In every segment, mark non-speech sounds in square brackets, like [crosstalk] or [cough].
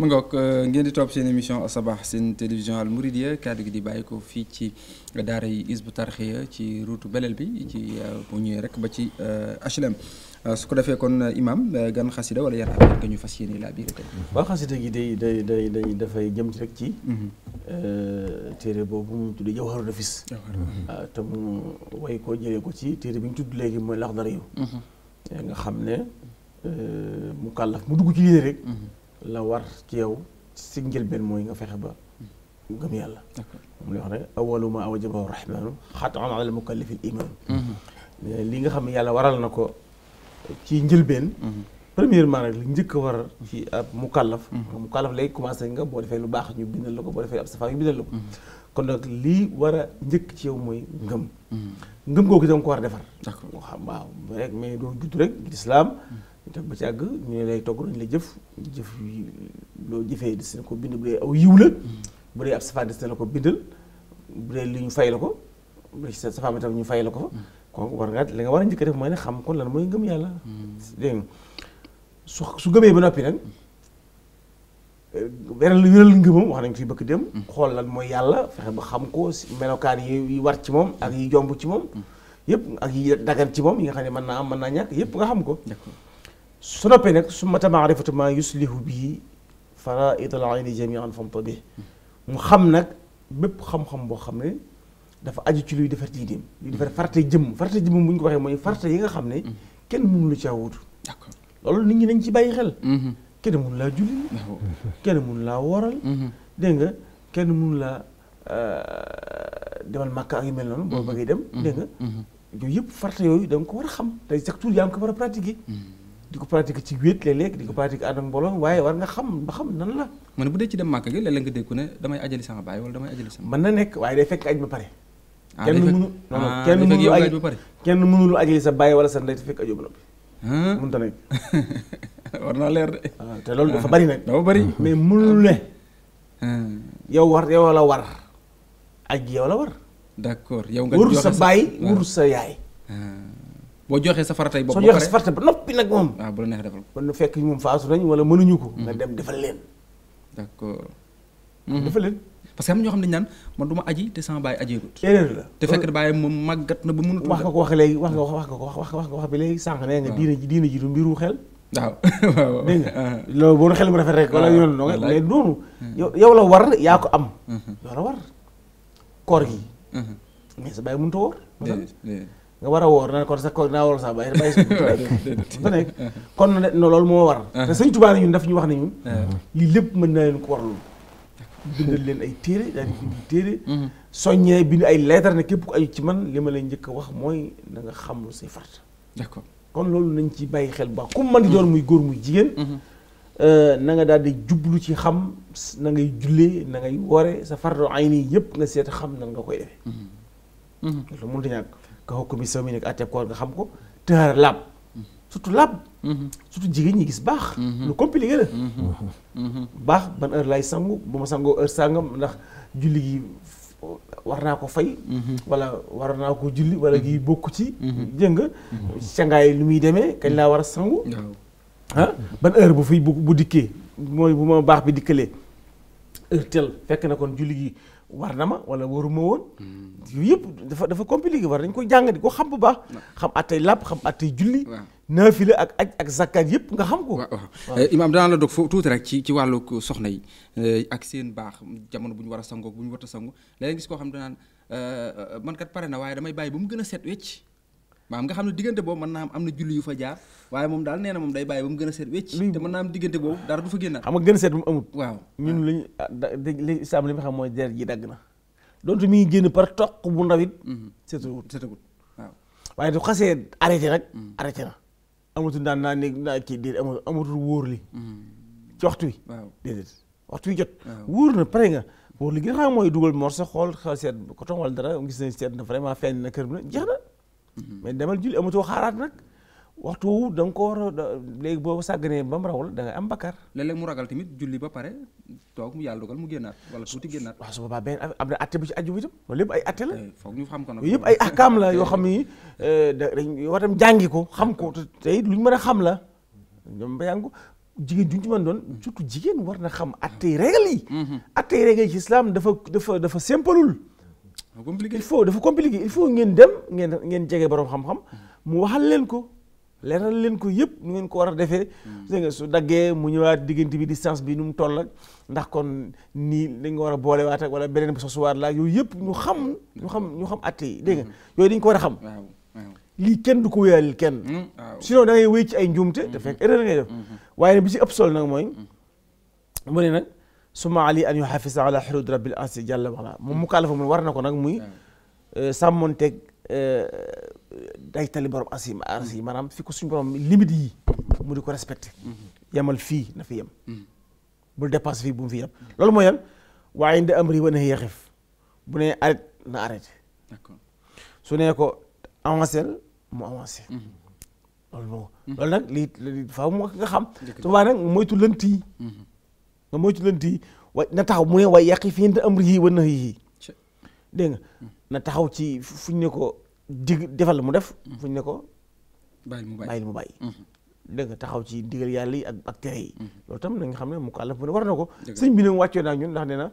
mu ngoog euh, ngeen di topp seen émission Sabah seen télévision Al Mouridiyyah kàddu gi di bàyyi ko fii ci daara yi Hizbut Tarqiyyah ci route Belel bi ci euh, bu ñëwee rek ba ci euh, HLM su ko defee kon imam gan xasida wala yar ak ñu fas yéene laa biir tey. waaw xasida gi day day day day dafay jëm ci rek ci. Mhm. téere boobu mu tudd Jawharu Nafis. waaw te mu way ko ko ci téere bi ñu tudd léegi mooy Laxdari yu mhm. nga xam ne mu kàllaf mu dugg ci lii la war ci yow si njëlbeen mooy nga fexe ba gëm yàlla moom lay wax ne awalu ma awjabahu rahmaanu xatan ala mukallafi l iman mm-hmm. li nga xam ne yàlla waral na ko ci njëlbeen mm-hmm. premièrement nag li njëkk war a war ci ab mukallaf mm-hmm. mukallaf lay commencé nga boo defee lu baax ñu bindal la ko boo defee ab safaa ñu bindal la ko kon nag lii war a njëkk ci yow mooy ngëm ngëm googu danga ko war a defar d'accord waaw mais doo judd rek ñu def ba àgg ñu lay togg nañ la jëf jëf yi loo jëfee des na ko bind bu dee aw yiw la bu dee ab safaan des na la ko bindal bu dee li ñu fay la ko bu dee sa safaan bi tam ñu fay la ko fa kon war ngaa li nga war a njëkk def mooy ne xam ko lan mooy ngëm yàlla su su gëmee ba noppi nag beneen eh, wéral ngëmam wax nañ fi bëgg dem xool lan mooy yàlla fexe ba xam ko melokaan yi war ci moom ak yi jomb ci moom yëpp ak yi dagan ci moom yi nga xam ne mën naa am mën naa ñàkk yëpp nga xam ko su noppee nag su mata maarifatu maa yuslihu bii faraid al ayni jamian famto bi mu xam nag bépp xam-xam boo xam ne dafa aju ci luy defar diineem luy defar farata jëmm farata jëmm bu ñu ko waxee mooy farata yi nga xam ne kenn mënu la caa wuutu d'accord loolu nit ñi nañ ci bàyyi xel mhm. kenn mënu laa julli kenn mënu laa wooral mhm. dégg nga kenn mënu laa euh, demal màkk ak yu mel noonu boo mhm. bëggee dem dégg nga yooyu yëpp farata yooyu da nga ko war a xam te chaque jour yaa ngi ko war a pratiquer di ko pratique ci wéet léeg-léeg di ko pratique ànd mbooloo waaye war nga xam ba xam nan la. mu ne bu dee ci dem màkk gi léeg-léeg nga dégg ne damay ajali sama baay wala damay ajali sama. mën na nekk waaye day fekk aj ba pare. ah day fekk ah day kenn mënu kenn sa baay wala sa ndey te fekk ajo ba noppi. Ah. mënut a [laughs] war naa leer de. Ah, te loolu dafa bari nag. dafa bari mais mënul ne. Ah. yow war yow la war. aj yow la war. d'accord yow nga joxe sa wur sa baay wur sa yaay. boo joxee sa faratay bopp soo joxee sa farata ba noppi nag moom waaw bu la neexee defal ko mën na fekk moom faasu nañ wala mënuñu ko mhm. nga dem defal leen d'accord mhm. leen que am ñoo xam man du ma aji te sama baay ajeegut erreur fekk bàyyi moom màggat na ba mënut wax nga ko wax léegi wax nga wax wax wax ko wax bi léegi sànq nee nga diina ji diina ji du mbiru xel waaw [laughs] waaw nga ah. loolu boo xel mu rafet rek wala yoon no mais noonu hmm. yow la war yaa ko am hmm. yow la war koor gi hmm. mais sa baay mënut a woor nga war a woor na kon sa koor naa woor sa bàyyi bàyyi [laughs] kon no loolu moo war uh-huh. te sëñ Tuubaa ñu wax ne uh-huh. lii lépp mën na leen ko warlu bindal leen ay téere daal di bi téere uh-huh. soññee bind ay leetar ne képp ku aju ci man li ma leen njëkk a wax mooy na nga xam lu say fart d'accord kon loolu nañ ci bàyyi xel bu baax ku man di doon muy góor muy jigéen uh, na nga daal di jublu ci xam na ngay jullee na ngay sa fardo ay nii yëpp nga seet xam nan nga koy defee nga xukumi mi nekk atteb koor xam ko tëhaar laab surtout laab surtout jigéen ñi gis baax lu compliqué a baax ban heure lay sangu bu ma sangoo heure sàngam ndax julli gi war naa ko fay wala war naa ko julli wala gi bokk ci jëng cangaay lu muy demee kañ laa war a sangu ah ban heure bu fiy bu bu dikkee mooy bu ma baax bi dikkalee heure tel fekk na kon julli gi war na ma wala waruma woon. yooyu yëpp dafa dafa compliqué war nañ koy jàng di ko xam bu baax. xam attey làpp xam attey julli. naafila ak aj ak zakkaat yëpp nga xam ko. waaw euh, imaam danaa la dog foofu tuuti rek ci ci wàllu soxna yi euh, ak seen baax jamono bu ñu war a sangoo bu ñu war a sangu léeg-léeg koo xam danaan euh, man kat pare na waaye damay bàyyi ba mu gën a seet wecc maam nga xam ne diggante boobu mën naa am am na julli fa jaar waaye moom daal nee na moom a seet wécc te mën naa a seet bu mu amut waaw ñun lañu ah, xam mooy deret ji dagg na donte mi ngi génn par toq bu ndawit seetagut mm-hmm. seetagut waaw waaye du xasee arrêté nag mm-hmm. arrêté na amatul daan naa néeg naa kii déedéet amatul wóor li mm-hmm. ci waxtu wi waaw déedéet waxtu wi jot wóor na pare nga wóor li gën a mooy dugal morso xool xool seet coton wala dara gis nañ seet na vraiment fen na kër bi na jeex na Mm-hmm. mais demal julli amatoo xaaraat nag waxtu wu da nga ko war a léegi boo sàgganee ba mu raw la da nga am bakkaar. léeg-léeg mu ragal tamit julli ba pare toog mu yàlla dogal mu génnaat wala tuuti génnaat. waaw su baa benn am na atte bu ci aju bi tam loolu yëpp ay eh, ko nag yëpp ay ahkaam la yoo xam ni [laughs] eh, dañ war tam jàngi ko xam ko te lu ñu mën a xam la ñoom bayangu jigéen juñ ci doon mm-hmm. surtout jigéen war na xam attey régal yi mm-hmm. attey régal yi ci islam dafa dafa dafa simpalul compliqué il faut dafa compliqué il faut ngeen dem ngeen ngeen jege borom xam-xam mu waxal leen ko leeral leen ko yëpp nu ngeen ko war a defee. Hmm. dégg nga su daggee mu ñëwaat diggante bi di sance bi nu mu toll nag ndax kon nii dañ ko war a boolewaat ak wala beneen bi sosuwaat la yooyu yëpp ñu xam. ñu xam ñu xam atte yi dégg nga hmm. yooyu dañ ko war a xam. lii kenn du ko wéyalil kenn. Hmm, sinon da ngay wéy ci ay njuumte. te fekk ngay def. waaye bi si ëpp solo nag mooy mu ne nag. suma ali an yu xafisa ala xurud rabbil asi jàlla wala moom mu kaalafa mun war na ko nag muy hmm. eh, sàmmonteeg eh, day tali borom asi ars yi maanaam fi ko suñu borom limite yi mu di ko respecté hmm. yemal fii na fi yem hmm. bul dépasse fii bu mu fi yem loolu mooy yan waaye inda amri wa nahyi yaxif bu nee arrêté na arrêté su nee ko avancé mu avancé loolu moom loolu nag lii faaw mu nga xam su boobaa nag moytu lënt nga moytu lënt yi wa na taxaw mu ne way yàqi fi yénte amri yii wa nax yii dégg na taxaw ci fuñ ne ko dig defal mu def mm-hmm. fuñ ne ko bàyyil mu bàyyi mm-hmm. dégg nga taxaw ci digal yàlla yi ak ak yi mm-hmm. loolu tam na xam ne mu ko àllaf ne war na ko sëñ bi nag wàccoo naa ñun ndax nee na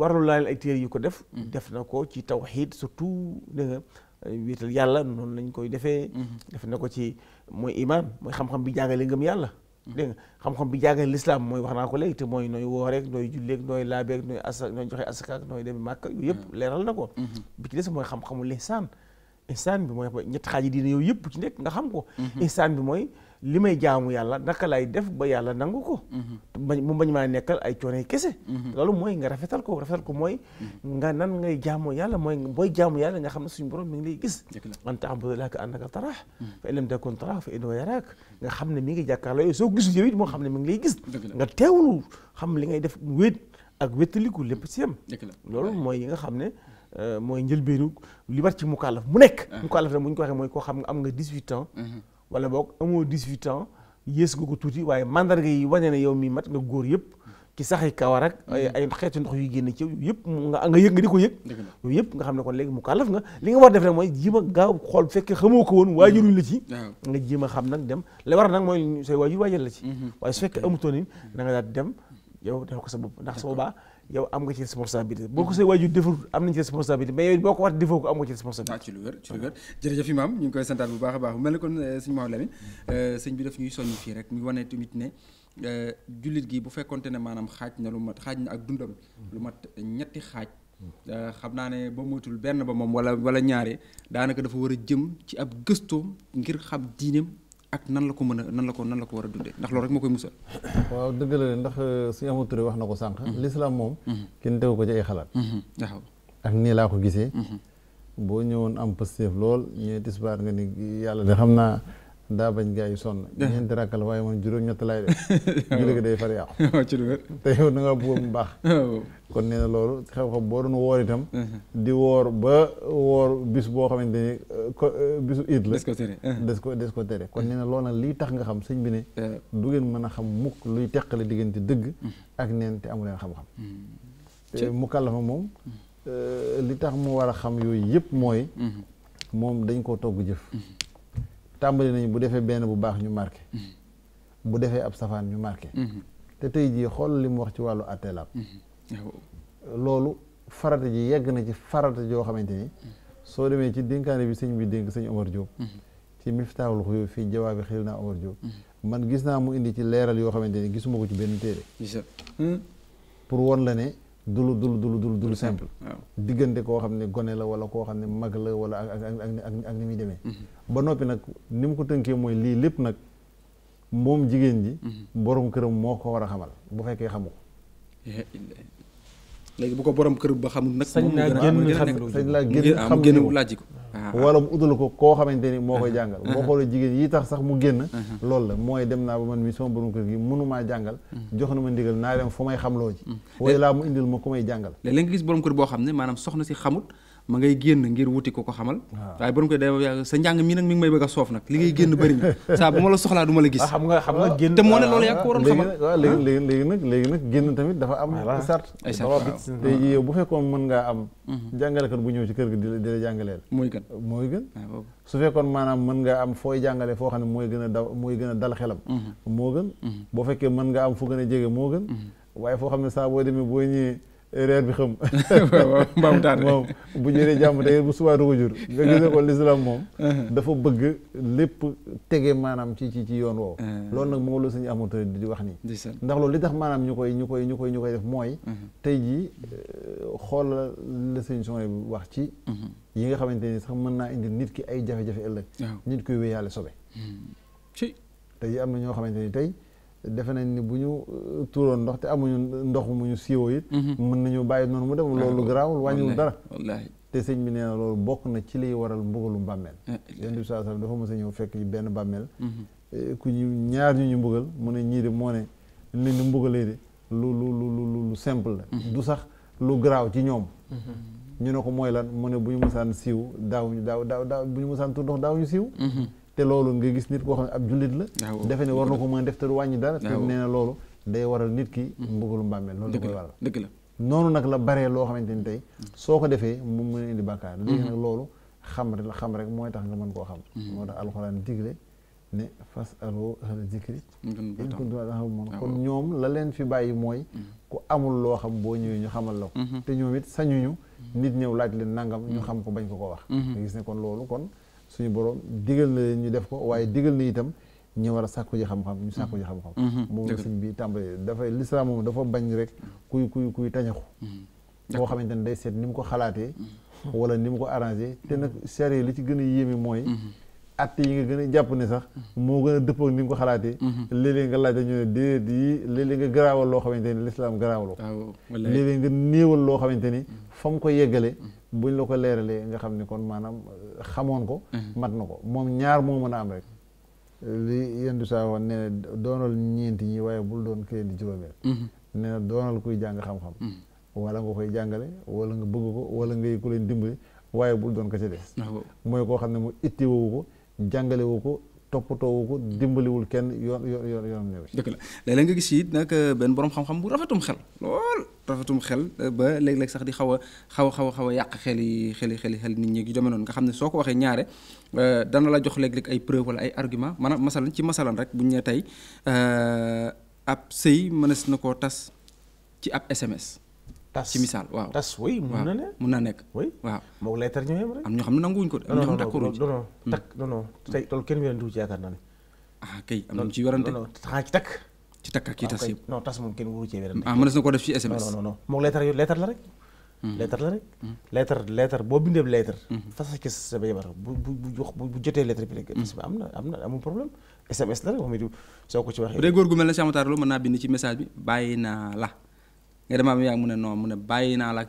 warul laa leen ay téere yu ko def def na ko ci tawxiid surtout dégg nga wéetal yàlla noonu lañ koy defee def na ko ci mooy imaan mooy xam-xam bi jàngale ngam yàlla dégg nga xam-xam bi jàngale l'islam mooy wax naa ko léegi te mooy nooy wooreek nooy julleeg nooy laabeeg nooy asa nooy joxe asakaak nooy dem màkka yooyu yëpp mm-hmm. leeral na ko mm-hmm. bi ci des mooy xam-xamul ihsaan ihsaan bi mooy ñetti xaaji diine yooyu yëpp ci nekk nga xam ko mm-hmm. ihsaan bi mooy li may jaamu yàlla naka lay def ba yàlla nangu ko. Mhm. bañ mu bañ maa nekkal ay coono kese. Mhm. loolu mooy nga rafetal ko rafetal ko mooy. Mhm. nga nan ngay jaamu yàlla mooy booy jaamu yàlla nga xam ne suñu borom mi ngi lay gis. an ta'buda llaaha ka'annaka taraahu. fa in lam takun taraahu fa innahu nga xam ne mi ngi jàkkaarloo soo gisul yow it xam ne mi ngi lay gis. nga teewlu xam li ngay def wéet ak wétaliku lépp ci yam. loolu mooy yi nga xam ne. Euh, mooy njëlbeenu li war ci mukallaf mu nekk. Ah. mukallaf nag bu ñu ko waxee mooy koo xam nga am nga 18 ans wala boog amoo 18 ans yées nga ko tuuti waaye mandarga yi wane na yow mii mat nga góor yëpp ci saxi kawar ak ay xeetu ndox yu génn ci yow yëpp nga nga yëg ko yëg yooyu yëpp nga xam ne kon léegi mu kàllaf nga li nga war def rek mooy jéem gaaw xool bu fekkee ko woon waajuruñ la ci nga jéem a xam nag dem la war nag mooy say waajur waajal la ci mhm. waaye su fekkee amutoon it mhm. na nga daal dem yow def ko sa bopp ndax sa boobaa yow am nga ci responsabilité boo ko say waajur deful am nañ ci responsabilité mais yow boo ko war defoo ko am nga ci responsabilité. waaw ah, ci lu wér ci lu wér jërëjëf imaam ñu ngi koy santaat bu baax a baax bu mel ne kon euh, sëñ Mawal Lamine mm. euh, sëñ bi daf ñuy soññ fii rek ñu wane tamit ne euh, jullit gi bu fekkonte ne maanaam xaaj na lu mat xaaj na ak dundam mm. lu mat ñetti xaaj mm. xam naa ne ba moytul benn ba moom wala wala ñaare daanaka dafa war a jëm ci ab gëstoom ngir xam diineem ak nan la ko mën a nan la ko nan la ko war a dundee ndax loolu rek moo koy musal. waaw dëgg la ndax euh, suñu Amadou Touré wax na ko sànq. Mhm. l'islam moom. Mhm. kenn tegu ko ci ay xalaat. Mhm. waaw ak nii laa ko gisee. boo ñëwoon am positif lool ñëwee tisbaar nga ni yàlla de xam naa. daa bañ gaa yi sonn. [laughs] ñeenti rakk la waaye moom juróom ñett lay def. [laughs] gi day far yàqu. ci lu wér te yow da ngaa mu baax. [laughs] Oh. kon nee na loolu xew-xew boo doon woor itam. Uh-huh. di woor ba woor bis boo xamante ni uh, uh, bisu it la. des ko tere uh-huh. des ko des ko tere kon nee na uh-huh. loolu nag lii tax nga xam sëñ bi ne. du ngeen mën a xam mukk luy teqale diggante dëgg. ak neen te amu leen xam-xam. Hmm. te mu kàllafa moom. Hmm. Uh, li tax mu war a xam yooyu yëpp mooy. Hmm. moom dañ koo togg jëf. tàmbali nañu bu defee benn bu baax ñu marqué bu defee ab safaan ñu marqué te tey jii xool li mu wax ci wàllu atteelaab loolu farata ji yegg na ci farata joo xamante ni soo demee ci dénkaane bi sëñ bi dénk sëñ Omar Diop ci miftaahul xuyoo fii jawaabi xil naa Omar Diop man gis naa mu indi ci leeral yoo xamante ni gisuma ko ci benn téere pour won la ne du lu du lu du lu simple. diggante koo xam ne gone la wala koo xam ne mag la wala ak ak ak ak ni muy demee. Mhm. ba noppi nag ni mu ko tënkee mooy lii lépp nag moom jigéen ji. Mhm. borom këram moo ko war a xamal bu fekkee xamu ko. Eh, léegi bu ko borom kër ba xamul nag. sañ naa génn xamul sañ naa génn xamul ko. Ah. Ah. mu utal ko koo xamante ni moo koy ah. jàngal. boo xoolee jigéen yi tax sax mu génn. loolu la mooy dem naa ba man mi sama borom kër gi mënumaa jàngal. Mm. jox na ma ndigal naa dem fu may xamloo ji. Mm. wala mu indil ma ku may jàngal. léeg-léeg nga gis borom kër boo xam ne maanaam soxna si xamut ma ngay génn ngir wuti ko ko xamal ah. waaye borom koy day sa njàng mii nag mi ngi may bëgg a soof nag li ngay génn bëri na [laughs] saa bu ma la soxlaa du ma la gis ah, xam nga xam ah, te moo ne loolu yaa ko waroon léegi nag léegi tamit dafa am sart tey jii yow bu fekkoon mën ngaa am mhm. jàngalekat bu ñëw ci kër gi di di la jàngaleel mooy gën mooy gën su fekkoon maanaam mën ngaa am fooy jàngale foo xam ne mooy gën a daw mooy gën a dal xelam mhm. moo gën mhm. boo fekkee mën nga am fu gën a jege moo gën waaye foo xam ne saa boo demee boo ñëwee reer bi xam [laughs] mbaam taat moom bu jëree jàmm tey bu subaa du ko jur nga gisee ko lislaam moom [laughs] uh-huh. dafa bëgg lépp tege maanaam ci ci ci yoon woow uh-huh. loolu nag moo la suñu amatul di wax nii ndax loolu li tax maanaam ñu koy ñu koy ñu koy ñu koy def mooy uh-huh. tey jii euh, xool la sëñ son bi wax ci yi nga xamante ni sax mën naa indi nit ki ay jafe-jafe ëllëg nit koy wéyaale sobe hmm. tey am na ñoo xamante ni tey defe nañ ni bu ñu euh, tuuroon ndox te amuñu ndox mu ñu siiwoo it mhm. mën nañu bàyyi noonu mu dem loolu garaawul wàññiwul dara te sëñ bi nee na loolu bokk na ci liy waral mbugalu bàmmeel eh, eh. yonent bi saa sallam dafa mos a ñëw fekk ci benn bàmmeel mhm. eh, ku ñu ñaar ñu ñu mbugal mu ne ñii de moo ne leen di mbugalee de lu lu lu lu simple la mhm. du sax lu garaaw ci ñoom ñu ne ko mooy la mu ne bu ñu mosaan siiw daawuñu daaw daaw daaw bu ñu mosaan tur ndox daawuñu siiw te loolu nga gis nit koo xam ne ab jullit la defe ne war na ko mën def te du wàññi dara te nee na loolu day waral nit ki mm-hmm. mbugalu mbàmmeel loolu da koy waral dëgg la noonu nag la baree loo xamante ni tey mm-hmm. soo ko defee mu mën a indi mm-hmm. loolu xam rek xam rek mooy tax nga man koo xam moo tax alxuraan digle ne fas alo ahla zikri kon ñoom la leen fi bàyyi mooy ku amul loo xam boo ñëwee ñu xamal la ko te ñoom it sañuñu nit ñëw laaj leen nangam ñu xam ko bañ ko ko wax nga gis ne kon loolu kon suñu borom digal na leen ñu def ko waaye digal na itam ñu war a sàkku ji xam-xam ñu sàkku mm-hmm. xam-xam mm-hmm. moom sëñ bi tàmbalee dafay lislaam moom dafa bañ rek kuy kuy kuy tañaxu mm-hmm. boo xamante ne day seet ni mu ko xalaatee wala ni mu ko arrangé te nag sariya li ci gën a yéeme mooy att yi nga gën a jàpp ni sax moo gën a dëppoo ni ko xalaatee mhm. léeg-léeg nga laajte ñu ne déedéet yi léeg nga garaawal loo xamante ni lislaam garaawal ko ah, léeg-léeg nga néewal loo xamante ni mhm. fa ko yeggale mhm. buñ la ko leeralee nga xam ne kon maanaam euh, xamoon ko mat na ko moom ñaar moo mën a am rek li yendu saa woon ne doonal ñeenti ñi waaye bul doon kenn di juróomeel nee na doonal kuy jàng xam-xam wala nga koy jàngale walla nga bëgg ko wala ngay ku leen dimbali waaye bul doon ko ah, mooy koo xam ne mu itti ko jàngalewu ko toppatoo wu ko dimbaliwul kenn yoon yoon yoon yoon néew dëgg la léeg-léeg nga gis it nag euh, benn borom xam-xam bu rafetum xel lool rafetum xel euh, ba léeg-léeg sax di xaw a xaw a xaw xaw a yàq xel yi xel yi xel yi xel nit ñi yu demee noonu nga xam ne soo ko waxee ñaare euh, dana la jox léeg-léeg ay preuve wala ay argument maanaam masalan ci masalan rek bu ñu nee tey ab sëy mënees na koo tas ci ab SMS tas ci misaal waaw tas mun na ne. mun naa nekk oui waaw. moog leetar ñu yem na am ñoo xam ne nanguwuñ ko de. am ñoo xam ne d'accord non non hmm. takk non non tey loolu kenn weerante wu ci ah, ah, def ci SMS. la rek. Hmm. leetar la rek. Hmm. boo bindee leetar. fas sa bu bu bu jox bu jotee leetar bi rek. na am na amul problème SMS la rek moom it soo ko ci waxee. bu dee góor gu mel ne Cheikh Matar Lo mën naa bind ci message bi bàyyi naa la nga dem am yaa mu ne non mu ne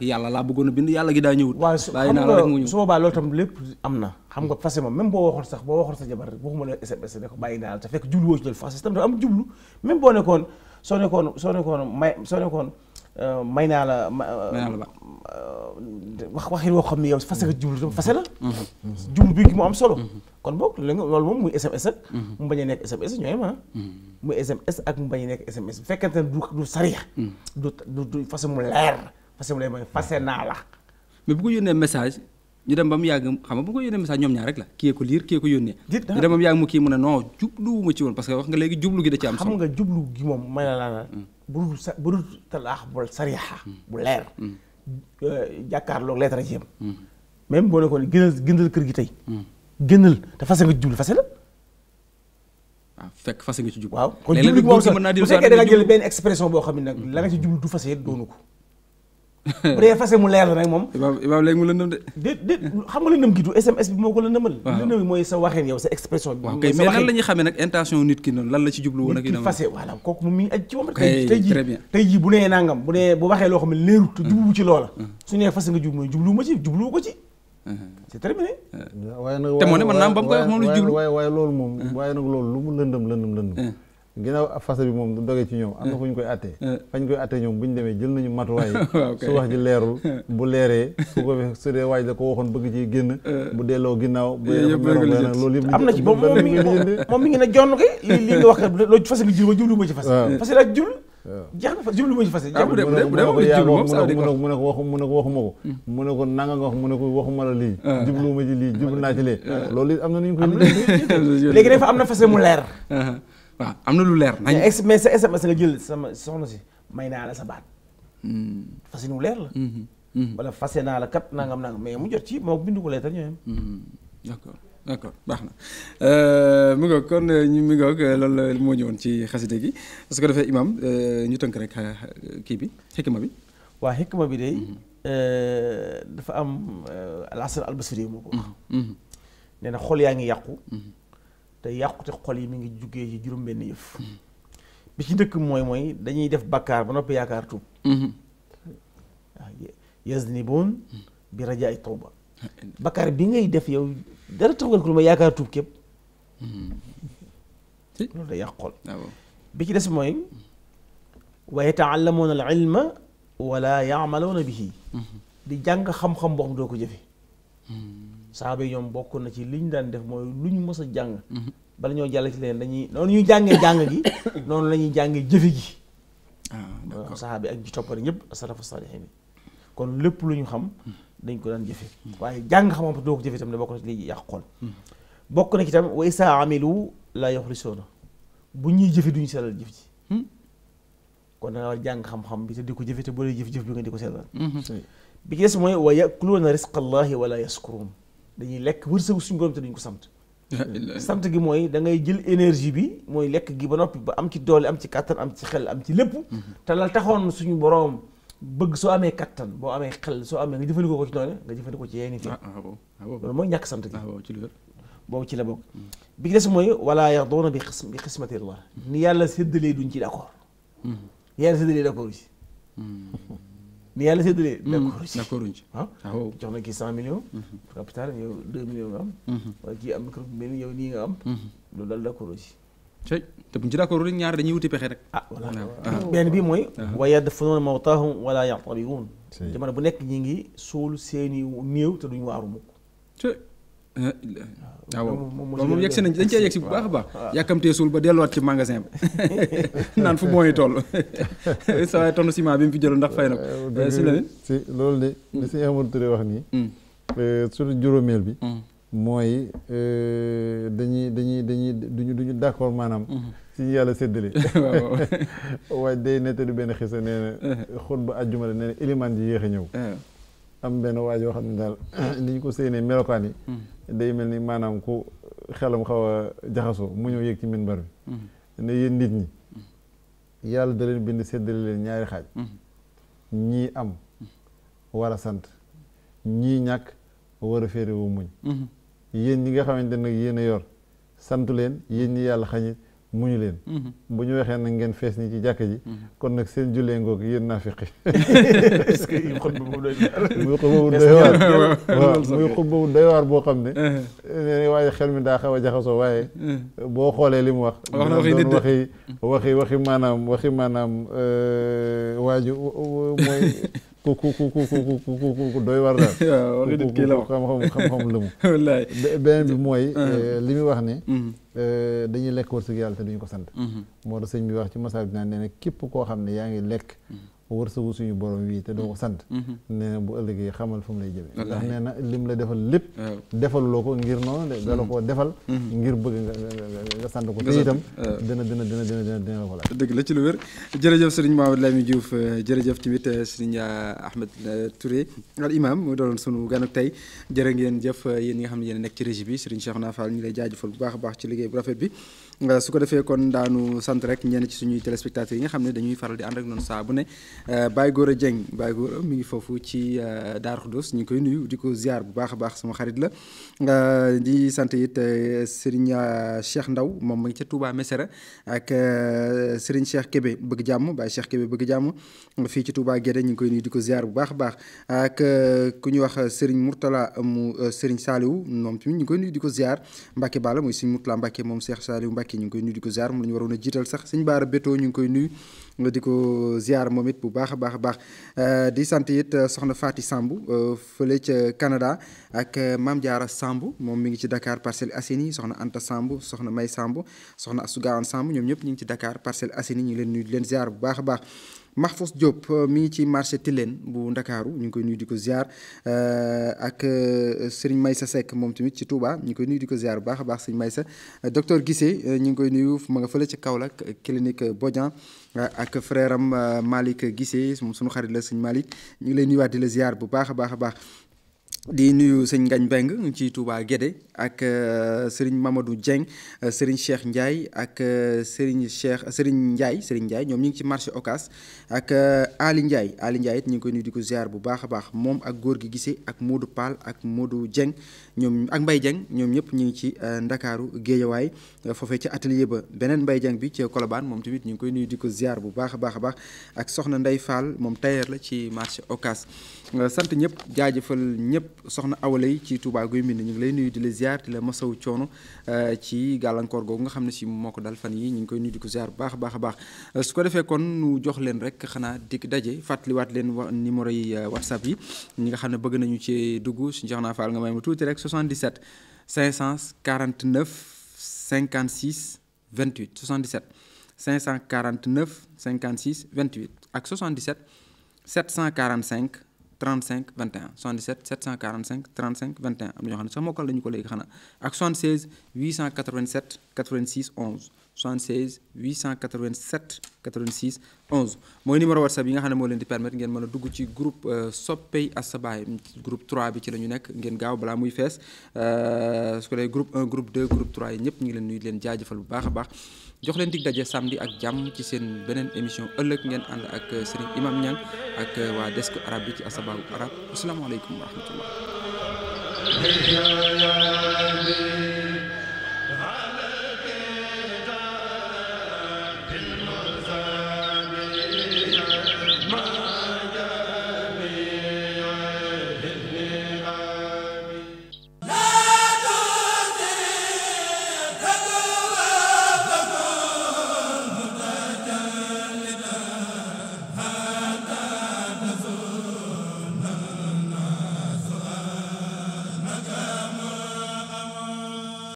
yàlla laa bëggoon a bind yàlla gi daa ñëwut. bàyyi naa mu ñëw su loolu tam lépp am na. xam nga fase moom même boo waxoon sax boo waxoon sa jabar waxuma la SMS ne ko bàyyi naa la te fekk jublu woo ci loolu fase tam dafa am jublu même boo nekkoon soo nekkoon Euh, may naa la euh, la euh, wax waxin woo xam ne yow fase nga jublu tam fase la mm-hmm. Mm-hmm. jublu bi mu am solo mm-hmm. kon boog loolu moom muy SMS ah. ak mu bañ a nekk SMS ñooy ma muy SMS ak mu bañ a nekk SMS bu fekkente ne du du sariya du du fase mu leer fase mu leer fase naa la mais bu ko yónnee message ñu dem ba mu yàgg xam nga bu ko yónnee message ñoom ñaar rek la kii ko liir kii ko yónnee ñu dem ba mu yàgg mu kii mu ne non jubluwuma ci woon parce que wax nga léegi jublu gi da ci am solo xam nga jublu gi moom may bu budul sa budul talaax bu sariixa bu leer. jàkkaarloog leetara ci yam. même boo nekkoon gënal gënal kër gi tey. gënal te fase nga jublu fase la. waaw fekk fase nga ci jublu. waaw bu fekkee da jël benn expression boo xam ne nag la nga ci jublu du fase doonu ko. [laughs] bu dee fase mu leer la nag moom imaam imaam mu lëndëm de déet déet xam nga lëndëm gi du sms bi moo ko lëndëmal lëndëm bi mooy sa waxee yow sa expression bi mais nan la ñuy xamee nag intention nit ki noonu lan la ci jublu woon ak yu fase voilà kooku moom mi aj ci moom tey jii jii bu nee nangam bu nee bu waxee loo xam ne leerut te jublu ci loola mm-hmm. su nee fase nga jublu ma jublu ko ci mm-hmm. c'est terminé eh, waaye nag te moo ne man naam ba mu koy wax moom jublu waaye waaye loolu moom mm-hmm. waaye nag loolu lu mu lëndëm lëndëm lëndëm a fase bi moom du dogee ci ñëw am na eh. fu ñu koy attee eh. fañ koy attee ñoom bu ñu demee jël nañu matuwaay [laughs] ah, su wax ji leerul eh. bu leeree su ko [laughs] su dee waaj la ko waxoon bëgg ci génn bu delloo ginnaaw bu nag loolu am na ci moom mi ngi moom mi ngi ne jonn kay li li nga wax loolu fase bi jul ma jublu ma ci fase parce ah. que laa jublu ah. jeex na jublu ma ci ko mu mu ne ko waxuma ko hmm. mu ne ko wax mu ne ko waxuma la lii jublu ma ci naa ci lee am na nu ñu koy [laughs] léegi dafa am na fase mu leer waaw am na lu leer. nañ mais sa SMS nga jël sama soxna si may naa la sa baat. Hmm. fasin wu leer la. Hmm, hmm, wala fase naa la kat nangam nangam mais mu jot ci moo bindu ko leetar ñooyam. d'accord d'accord baax na euh, mi ngoog kon euh, euh, loolu moo ñëwoon ci xaside gi parce que dafay imam ñu tënk rek kii bi xikma bi. waa xikma bi day dafa am al asr moo ko wax. nee na xol yaa ngi yàqu. te yàqute xol yi mi ngi jugee ci juróom-benn yëf bi ci njëkk mooy mooy dañuy def bakkaar ba noppi yaakaar tuub mm-hmm. yaznibun bi rajaay mm-hmm. bi ngay def yow dara taxugal ko lu ma yaakaar tuub képp mm-hmm. ah, bi ci des mooy waaye yataallamuuna al ilma wala yaamaluuna bihi di jàng xam-xam boo xam doo ko jëfe saaba yi ñoom bokk na ci li ñu daan def mooy lu ñu mës a jàng mhm. bala ñoo jàll ci leen dañuy noonu ñuy jàngee jàng gi [coughs] noonu la ñuy jàngee jëfe gi ah, waaw saaba yi ji toppari ñëpp asalafu saalihin yi kon lépp lu ñu xam hmm. dañ ko daan jëfe hmm. waaye jàng xamam doo ko jëfe itam ne bokk na ci li hmm. bokk na ci itam wa isa amilu la yuxlisuuna bu ñuy jëfe duñu sellal jëf ji kon da nga war jàng xam-xam bi boo dee jëf-jëf bi ko sellal bi ci des yaskuruun dañuy lekk wërsëgu suñu borom te duñ ko sant sant gi mooy da ngay jël énergie bi mooy lekk gi ba noppi ba am ci doole am ci kàttan am ci xel am ci lépp mhm. te la taxoon suñu borom bëgg soo amee kattan boo amee xel soo amee nga jëfandikoo ko ci noonu nga jëfandikoo ci yeeni fi ah, ah, ah, loolu mooy ñàkk sant gi boobu ci la bokk mm. bi des mooy wala yardoona bi xis bi xismatillah mm. ni yàlla séddalee duñ ci d'accord mm. yàlla séddalee d'accord ci ni yàlla séddalee. d'accord d' accord jox na kii cent millions. Hmm. capital yow deux nga am. Hmm. wala kii am micro bi yow nga am. Hmm. loolu daal d' accord aussi. te buñ ci d' accord rek ñaar wuti pexe rek. ah voilà ah. Ah. benn bi mooy. Ah. wa yadfunuuna mawtaahum wala yaxtabiyuun nekk ñi ngi suul seeni néew te duñ waaru mukk Ah, waaw loolu moom yegg si nañ dañ cee yegg si bu baax a baax ah. yàkkamtee suul ba delluwaat ci magasin bi [laughs] naan fu mooy toll [laughs] sa waay tonn bi mu fi jëloon ndax fay na ko eh, eh, si si loolu de li si Amadou Touré wax nii hmm. eh, surtout juróomeel bi hmm. mooy dañuy dañuy dañuy duñu duñu d'accord maanaam hmm. si ñu yàlla séddale [laughs] waaye day nettali benn xisa nee na xut ba àjjuma la nee na ilimaan ji yéex a ñëw am benn waaj yoo xam ne daal [clears throat] ni ko séenee melokaan mm. day mel ni maanaam ku xelam xaw a jaxasoo mu ñëw yéeg ci minbar bi mm. ne yéen nit ñi mm. yàlla da leen bind séddale leen ñaari xaaj ñii am war a sant ñii ñàkk war a féere wu muñ mm-hmm. yéen ñi nga xamante nag yor sant leen yéen ñi yàlla xañit mu muñu leen mhm. bu ñu waxee nag ngeen fees ni ci jàkk ji mhm. kon nag seen jullee ngoog yéen naa [laughs] est-ce [laughs] muy xutba bu doy doy waar boo xam ne mhm. nee waaye xel mi daa xaw a jaxasoo waaye boo xoolee li mu wax wax na waxi waxi waxi maanaam waxi maanaam euh, waaju mooy [laughs] ku ku ku ku ku ku doy war daal. waaw wax dëgg kii la wax xam-xam xam-xam lëmu. wallaay beneen bi mooy. li muy wax ne. dañuy lekk wërsëg yàlla te duñu ko sant. moo tax sëñ bi wax ci masaal bi naan nee na képp koo xam ne yaa ngi lekk. wërsëgu suñu borom wii te doo ko sant. nee na bu ëllëgee xamal fu mu lay jëmee. ndax nee na lim la defal lépp. defaloo ko ngir noonu de. da la koo defal. ngir bëgg nga nga nga sant ko te itam euh, euh, dina dina dina dina dina dina la ko laaj dëgg la ci lu wér jërëjëf sëriñ Mamadou Lamine Diouf euh, jërëjëf tamit sëriñ Ahmed Touré al imam mu doon sunu gan ak tey jërë ngeen jëf yéen ñi nga xam ne yéen nekk ci régie bi sëriñ Cheikh Nafal ñu lay jaajëfal bu baax a baax ci liggéey bu rafet bi su ko defee kon daanu sant rek ñenn ci suñuy téléspectateurs yi nga xam ne dañuy faral di ànd ak noonu saa ne euh, Baye Gora Dieng Baye Gora mi ngi foofu ci euh, Darou Khoudoss ñu ngi koy nuy di ko ziar bu baax a baax sama xarit la euh, di sant it Serigne Cheikh Ndaw moom ma ngi ca Touba Mesere ak Serigne Cheikh Kébé bëgg jàmm Baye Cheikh Kébé bëgg jàmm fii ci Touba Guédé ñu ngi koy nuyu di ko ziar bu baax a baax ak ku ñuy wax Serigne Mourtala mu seriñ Saliou moom tamit ñu ngi koy nuyu di ko ziar Mbacke Bala mooy Serigne Mourtala Mbacke moom Cheikh Saliou Mbacke Mbacké ñu ngi koy nuyu di ko ziar moom la ñu a jiital sax sëñ Baara Bétoo ñu ngi koy nuyu di ko ziar moom it bu baax a baax a baax euh, di sant it euh, soxna Faati Samb euh, fële ca Canada ak Mame Diarra Samb moom mi ngi ci Dakar Parcelles Assainies soxna Anta Samb soxna May Samb soxna Astou Gawane Samb ñoom ñëpp ñu ngi ci dakaar Parcelles Assainies ñu ngi leen nuyu leen ziar bu baax a baax max fos Diop euh, mi ngi ci marché Tilène bu Ndakaaru ñu ngi koy nuyu di ko ziar euh, ak euh, Serigne Maysa sekk moom tamit ci Touba ñu ngi koy nuyu di ko ziar bu baax a baax Serigne Maysa docteur gise ñu ngi koy nuyu ma nga fële ci Kaolack clinique Bodian ak frère am Malick Guissé moom sunu xarit la Serigne Malick ñu ngi lay nuyuwaat di la ziar bu baax a baax a baax. di nuyu sëñ Ngagne Mbengue ci Touba Guédé ak euh, sëriñ Mamadou Dieng euh, sëriñ Cheikh Ndiaye ak euh, sëriñ Cheikh sëriñ Ndiaye sëriñ Ndiaye ñoom ñu ngi ci marché Ocass ak Ali Ndiaye Ali Ndiaye it ñu ngi koy nuyu di ko ziar bu baax a baax moom ak góor gi gisee ak Modou Pal ak Modou Dieng ñoom ak Mbaye Dieng ñoom ñëpp ñu ngi ci Ndakaaru Géejawaay foofee ci atelier ba beneen Mbaye bi ci Colobane moom tamit ñu ngi koy nuyu di ko ziar bu baax a baax a ak Soxna Ndey Fall moom tailleur la ci marché Ocass Euh, sant ñëpp jaajëfal ñëpp soxna awalay ci Touba guy mbind ñu ngi lay nuyu di la ziar di la masawu coono euh, ci gàllankoor googu nga xam ne si moo ko dal fan yi ñu ngi koy nuyu di ko ziar bu baax a baax baax euh, su ko defee kon nu jox leen rek xanaa dikk daje fàttaliwaat leen numéro yi whatsapp yi ñi nga xam ne bëgg nañu ci dugg su jox naa faal nga may ma tuuti rek 77 549 56 28 77 549 56 28 ak 77 745 35 21 77 745 35 21 am na ñoo xam ne sax mokkal nañu ko léegi xanaa ak 76 887 86 11. 76 887 86 11 mooy numéro whatsapp yi nga xam ne moo leen di permettre ngeen mën a dugg ci groupe euh, soppey Assabaye groupe 3 bi ci la ñu nekk ngeen gaaw balaa muy fees euh, su ko defee groupe 1 groupe 2 groupe 3 yi ñëpp ñu ngi leen nuy leen jaajëfal bu baax a baax jox leen dig daje samedi ak jàmm ci seen beneen émission ëllëg ngeen ànd ak euh, Serigne Imam Niang ak waa desk arabe bi ci Assabaye arab asalaamaaleykum wa rahmatullah